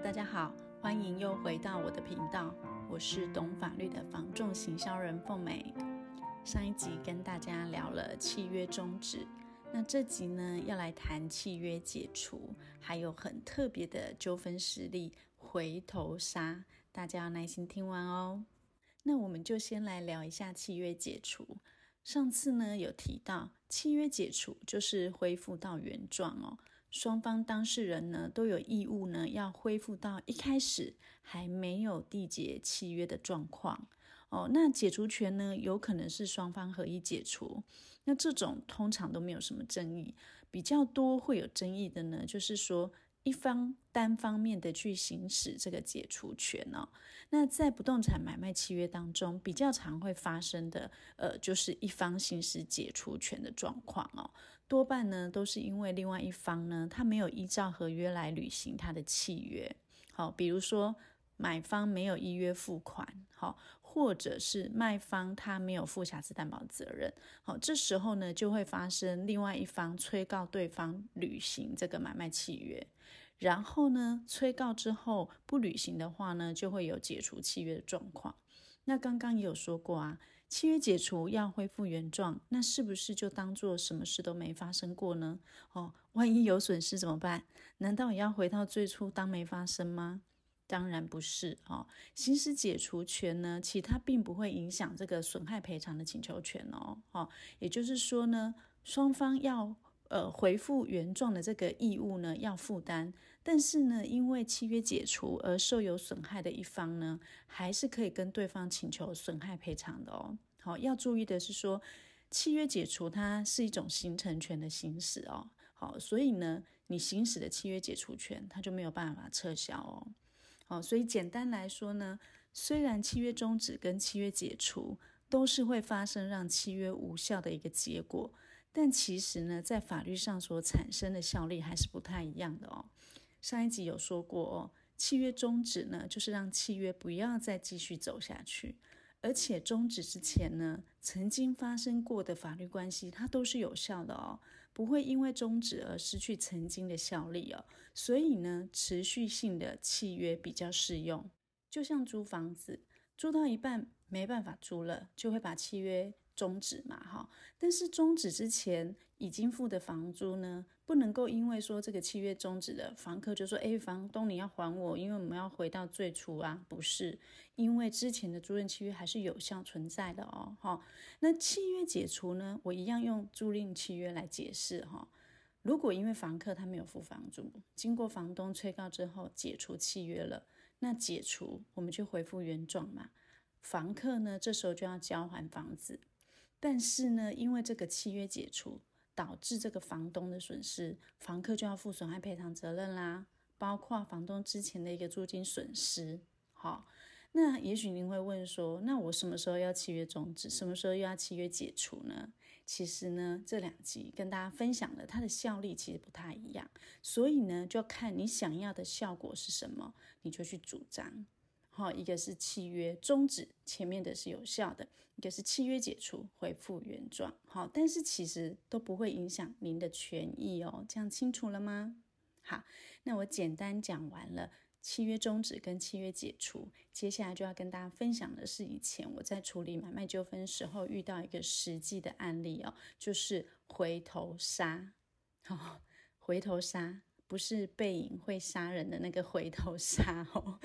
大家好，歡迎又回到我的頻道，我是懂法律的房仲行銷人鳳美。上一集跟大家聊了契約終止，那這集呢要來談契約解除，還有很特別的糾紛實例回頭殺，大家要耐心聽完哦。那我們就先來聊一下契約解除。上次呢有提到，契約解除就是恢復到原狀哦。雙方當事人呢都有義務呢，要恢復到一開始還沒有締結契約的狀況。哦，那解除權呢，有可能是雙方合意解除，那這種通常都沒有什麼爭議。比較多會有爭議的呢，就是說。一方單方面的去行使這個解除權呢？哦，那在不動產買賣契約當中，比較常會發生的，呃，就是一方行使解除權的狀況哦。多半呢都是因為另外一方呢，他沒有依照合約來履行他的契約。好，哦，比如說買方沒有依約付款，好，哦。或者是賣方他沒有負瑕疵擔保責任，好，哦，這時候呢就會發生另外一方催告對方履行這個買賣契約，然後呢催告之後不履行的話呢，就會有解除契約的狀況。那剛剛也有說過啊，契約解除要恢復原狀，那是不是就當做什麼事都沒發生過呢？哦，萬一有損失怎麼辦？難道也要回到最初當沒發生嗎？當然不是哦，行使解除權呢，其他並不會影響這個損害賠償的請求權哦。好，也就是說呢，雙方要呃回復原狀的這個義務呢要負擔，但是呢，因爲契約解除而受有損害的一方呢，還是可以跟對方請求損害賠償的哦。好，要注意的是說，契約解除它是一種形成權的行使哦。好，所以呢，你行使的契約解除權，它就沒有辦法撤銷哦。哦，所以簡單來說呢，雖然契約終止跟契約解除都是會發生讓契約無效的一個結果，但其實呢，在法律上所產生的效力還是不太一樣的哦。上一集有說過哦，契約終止呢，就是讓契約不要再繼續走下去，而且終止之前呢，曾經發生過的法律關係它都是有效的哦。不會因為終止而失去曾經的效力哦，所以呢，持續性的契約比較適用，就像租房子，租到一半沒辦法租了，就會把契約終止嘛，哈，但是終止之前已經付的房租呢？不能夠因為說這個契約終止了，房客就說：“誒，房東你要還我，因為我們要回到最初啊。”不是，因為之前的租賃契約還是有效存在的哦。哈、哦，那契約解除呢？我一樣用租賃契約來解釋哈、哦。如果因為房客他沒有付房租，經過房東催告之後解除契約了，那解除我們就回復原狀嘛。房客呢，這時候就要交還房子，但是呢，因為這個契約解除。導致這個房東的損失，房客就要負損害賠償責任啦，包括房東之前的一個租金損失。好，那也許您會問說，那我什麼時候要契約終止，什麼時候又要契約解除呢？其實呢，這兩集跟大家分享的它的效力其實不太一樣，所以呢，就看你想要的效果是什麼，你就去主張。好，一個是契約終止，前面的是有效的；一個是契約解除，回復原狀。好，但是其實都不會影響您的權益哦。這樣清楚了嗎？好，那我簡單講完了契約終止跟契約解除，接下來就要跟大家分享的是，以前我在處理買賣糾紛時候遇到一個實際的案例哦，就是回頭殺，哦、回頭殺。不是背影會殺人的那個回頭殺哦，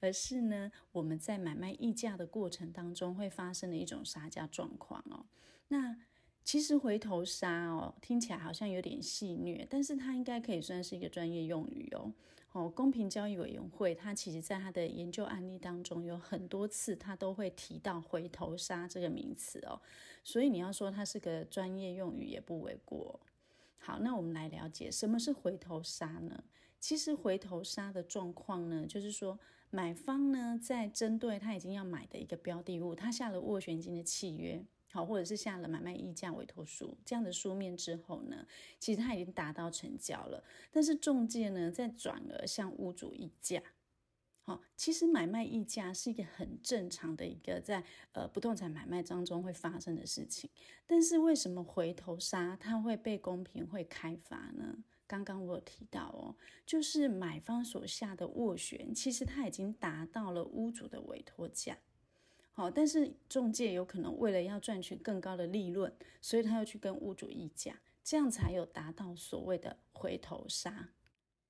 而是呢，我們在買賣議價的過程當中會發生的一種殺價狀況哦。那其實回頭殺哦，聽起來好像有點戲謔，但是它應該可以算是一個專業用語哦。哦，公平交易委員會，它其實在它的研究案例當中有很多次，它都會提到回頭殺這個名詞哦。所以你要說它是個專業用語，也不為過。好，那我們來了解什麼是回頭殺呢？其實回頭殺的狀況呢，就是說買方呢在針對他已經要買的一個標的物，他下了斡旋金的契約，好，或者是下了買賣議價委托書這樣的書面之後呢，其實他已經達到成交了，但是仲介呢在轉而向屋主議價。哦，其實買賣溢價是一個很正常的一個在呃不動產買賣當中會發生的事情。但是為什麼回頭殺它會被公平會開罰呢？剛剛我有提到哦，就是買方所下的斡旋，其實它已經達到了屋主的委託價。好，但是仲介有可能為了要賺取更高的利潤，所以他要去跟屋主議價，這樣才有達到所謂的回頭殺。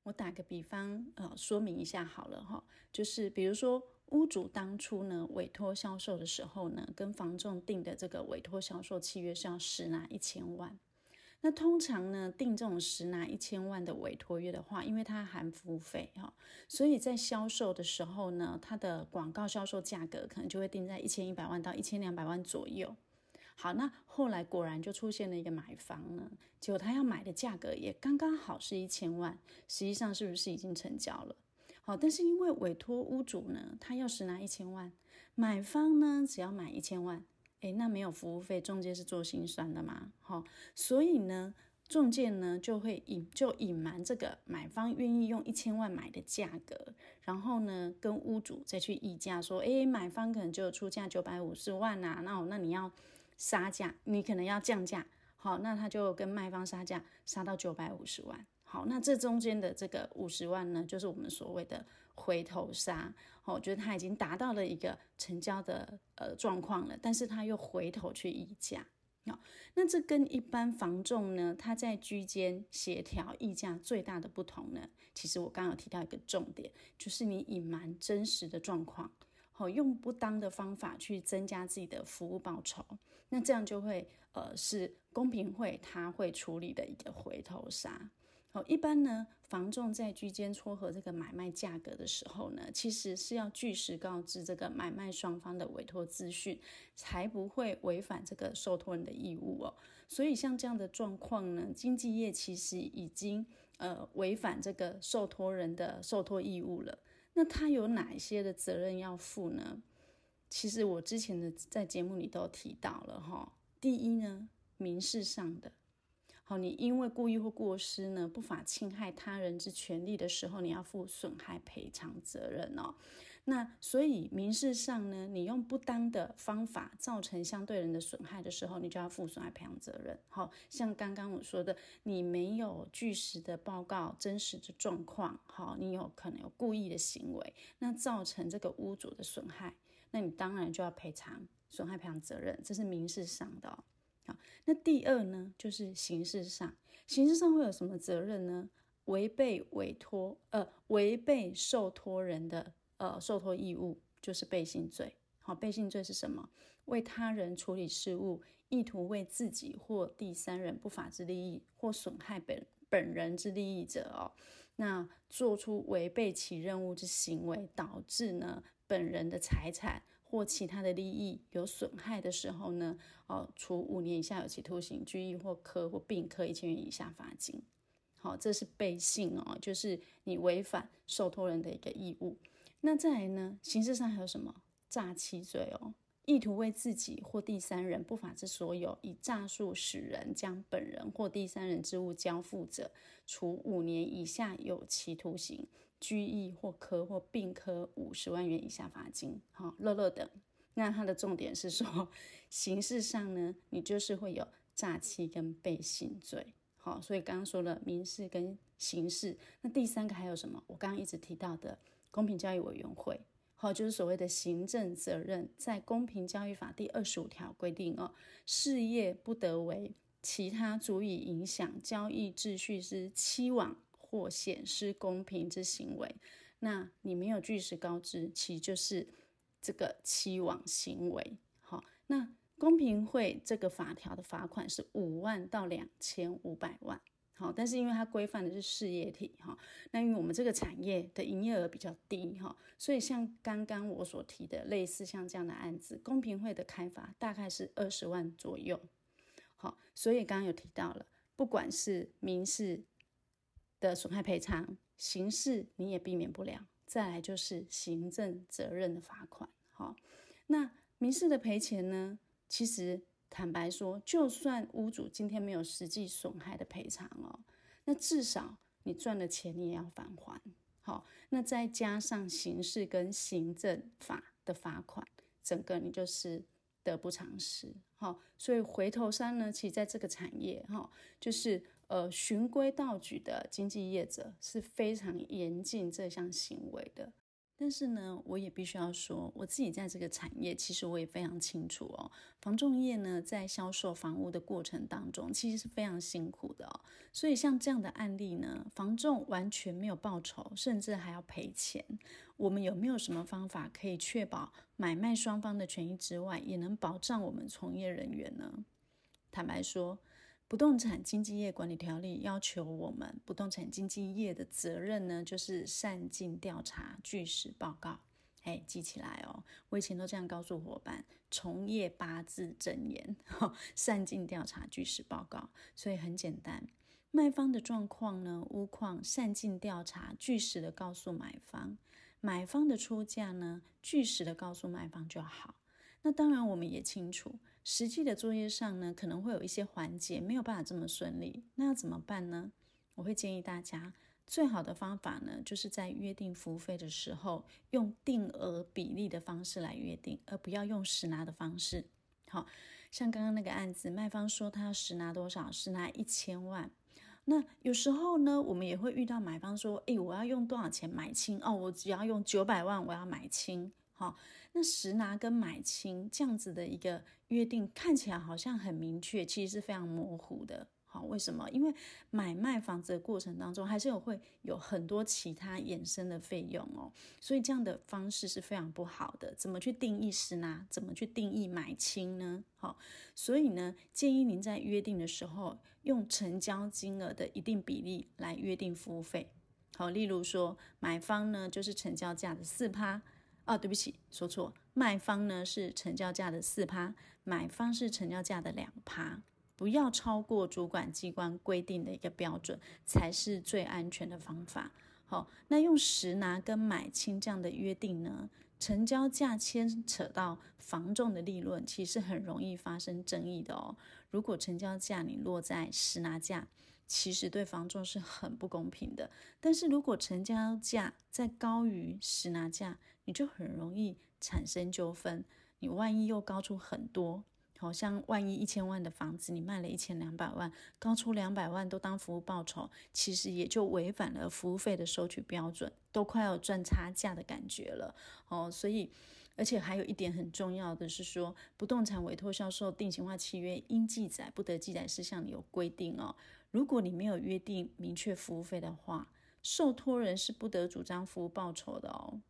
我打個比方，呃，說明一下好了哈，就是比如說屋主當初呢委託銷售的時候呢，跟房仲訂的這個委託銷售契約是要實拿一千萬。那通常呢訂這種實拿一千萬的委託約的話，因為它含服務費哈，所以在銷售的時候呢，它的廣告銷售價格可能就會定在一千一百萬到一千兩百萬左右。好，那後來果然就出現了一個買方呢，結果他要買的價格也剛剛好是一千萬，實際上是不是已經成交了？好，但是因為委托屋主呢，他要實拿一千萬，買方呢只要買一千萬，哎，那沒有服務費，中介是做心酸的嘛？好、哦，所以呢，中介呢就會隱就隱瞞這個買方願意用一千萬買的價格，然後呢跟屋主再去議價說，說哎，買方可能就出價九百五十萬啊，那我那你要。殺價，你可能要降價，好，那他就跟賣方殺價，殺到九百五十萬，好，那這中間的這個五十萬呢，就是我們所謂的回頭殺，好，我覺得他已經達到了一個成交的呃狀況了，但是他又回頭去議價，那那這跟一般房仲呢，他在居間協調議價最大的不同呢，其實我剛剛有提到一個重點，就是你隱瞞真實的狀況。哦，用不當的方法去增加自己的服務報酬，那這樣就會呃是公平會他會處理的一個回頭殺。哦，一般呢，房仲在居間撮合這個買賣價格的時候呢，其實是要據實告知這個買賣雙方的委托資訊，才不會違反這個受托人的義務哦。所以像這樣的狀況呢，經紀業其實已經呃違反這個受托人的受托義務了。那他有哪一些的責任要負呢？其實我之前的在節目裡都提到了哈。第一呢，民事上的，好，你因為故意或過失呢，不法侵害他人之權利的時候，你要負損害賠償責任哦。那所以民事上呢，你用不當的方法造成相對人的損害的時候，你就要負損害賠償責任。好，像剛剛我說的，你沒有據實的報告真實的狀況，好，你有可能有故意的行為，那造成這個屋主的損害，那你當然就要賠償損害賠償責任，這是民事上的哦。好，那第二呢，就是刑事上，刑事上會有什麼責任呢？違背委託，呃，違背受託人的。呃，受託義務就是背信罪。好、哦，背信罪是什麼？為他人處理事務，意圖為自己或第三人不法之利益，或損害本本人之利益者，哦，那做出違背其任務之行為，導致呢本人的財產或其他的利益有損害的時候呢，哦，處五年以下有期徒刑、拘役或科或併科一千元以下罰金。好、哦，這是背信哦，就是你違反受託人的一個義務。那再來呢？刑事上還有什麼詐欺罪哦？意圖為自己或第三人不法之所有，以詐術使人將本人或第三人之物交付者，處五年以下有期徒刑、拘役或科或併科五十萬元以下罰金。好，樂樂等。那它的重點是說，刑事上呢，你就是會有詐欺跟背信罪。好，所以剛剛說了民事跟刑事。那第三個還有什麼？我剛剛一直提到的。公平交易委員會，好，就是所謂的行政責任，在公平交易法第二十五條規定，哦，事業不得為其他足以影響交易秩序之欺罔或顯失公平之行為。那你沒有據實告知，其實就是這個欺罔行為，好，那公平會這個法條的罰款是五萬到兩千五百萬。好，但是因為它規範的是事業體，哈，那因為我們這個產業的營業額比較低，哈，所以像剛剛我所提的類似像這樣的案子，公平會的開罰大概是二十萬左右，好，所以剛剛有提到了，不管是民事的損害賠償，刑事你也避免不了，再來就是行政責任的罰款，好，那民事的賠錢呢，其實。坦白說，就算屋主今天沒有實際損害的賠償哦，那至少你賺的錢你也要返還，好、哦，那再加上刑事跟行政法的罰款，整個你就是得不償失，好、哦，所以回頭殺呢，其實在這個產業哈、哦，就是呃循規蹈矩的經紀業者是非常嚴禁這項行為的。但是呢，我也必須要說，我自己在這個產業，其實我也非常清楚哦。房仲業呢，在銷售房屋的過程當中，其實是非常辛苦的哦。所以像這樣的案例呢，房仲完全沒有報酬，甚至還要賠錢。我們有沒有什麼方法可以確保買賣雙方的權益之外，也能保障我們從業人員呢？坦白說。《不動產經紀業管理條例》要求我們不動產經紀業的責任呢，就是善盡調查，據實報告。哎，記起來哦，我以前都這樣告訴夥伴：從業八字真言吼，善盡調查，據實報告。所以很簡單，賣方的狀況呢，屋況善盡調查，據實的告訴買方；買方的出價呢，據實的告訴賣方就好。那當然，我們也清楚。實際的作業上呢，可能會有一些環節沒有辦法這麼順利，那要怎麼辦呢？我會建議大家，最好的方法呢，就是在約定服務費的時候，用定額比例的方式來約定，而不要用實拿的方式。好，像剛剛那個案子，賣方說他要實拿多少，實拿一千萬。那有時候呢，我們也會遇到買方說，哎，我要用多少錢買清？哦，我只要用九百萬，我要買清。好，那實拿跟買清這樣子的一個約定，看起來好像很明確，其實是非常模糊的。好，為什麼？因為買賣房子的過程當中，還是有會有很多其他衍生的費用哦，所以這樣的方式是非常不好的。怎麼去定義實拿？怎麼去定義買清呢？好，所以呢，建議您在約定的時候，用成交金額的一定比例來約定服務費。好，例如說，買方呢就是成交價的四趴。啊、哦，對不起，說錯。賣方呢是成交價的四趴，買方是成交價的兩趴，不要超過主管機關規定的一個標準，才是最安全的方法。好、哦，那用實拿跟買清這樣的約定呢，成交價牽扯到房仲的利潤，其實很容易發生爭議的哦。如果成交價你落在實拿價，其實對房仲是很不公平的。但是如果成交價再高於實拿價，你就很容易產生糾紛。你萬一又高出很多，好、哦、像萬一一千萬的房子你賣了一千兩百萬，高出兩百萬都當服務報酬，其實也就違反了服務費的收取標準，都快要賺差價的感覺了哦。所以，而且還有一點很重要的是說，不動產委托銷售定型化契約應記載不得記載事項裡有規定哦。如果你沒有約定明確服務費的話，受托人是不得主張服務報酬的哦。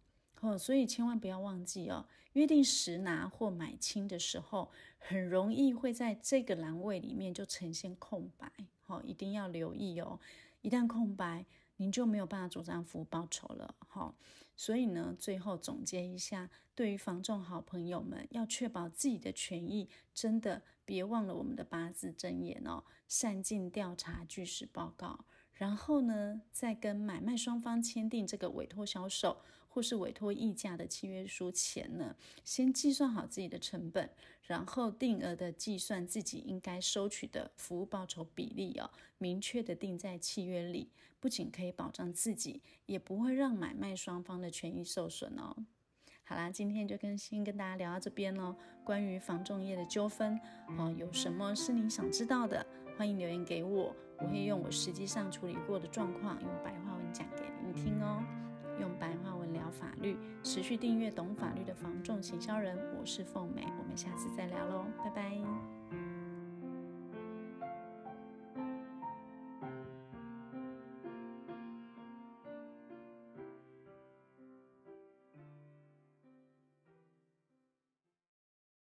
哦，所以千萬不要忘記哦。約定時拿或買清的時候，很容易會在這個欄位裡面就呈現空白。好、哦，一定要留意哦。一旦空白，您就沒有辦法主張服務報酬了、哦。所以呢，最後總結一下，對於房仲好朋友們，要確保自己的權益，真的別忘了我們的八字真言哦：善盡調查據實報告，然後呢，再跟買賣雙方簽訂這個委托銷售。或是委托議價的契約書前呢，先計算好自己的成本，然後定額的計算自己應該收取的服務報酬比例哦，明確的定在契約裡，不僅可以保障自己，也不會讓買賣雙方的權益受損哦。好啦，今天就更新跟大家聊到這邊嘍、哦。關於房仲業的糾紛哦，有什麼是您想知道的，歡迎留言給我，我會用我實際上處理過的狀況，用白話文講給您聽哦，用白話。法律持續訂閱懂法律的房仲行銷人，我是鳳美，我們下次再聊嘍，拜拜。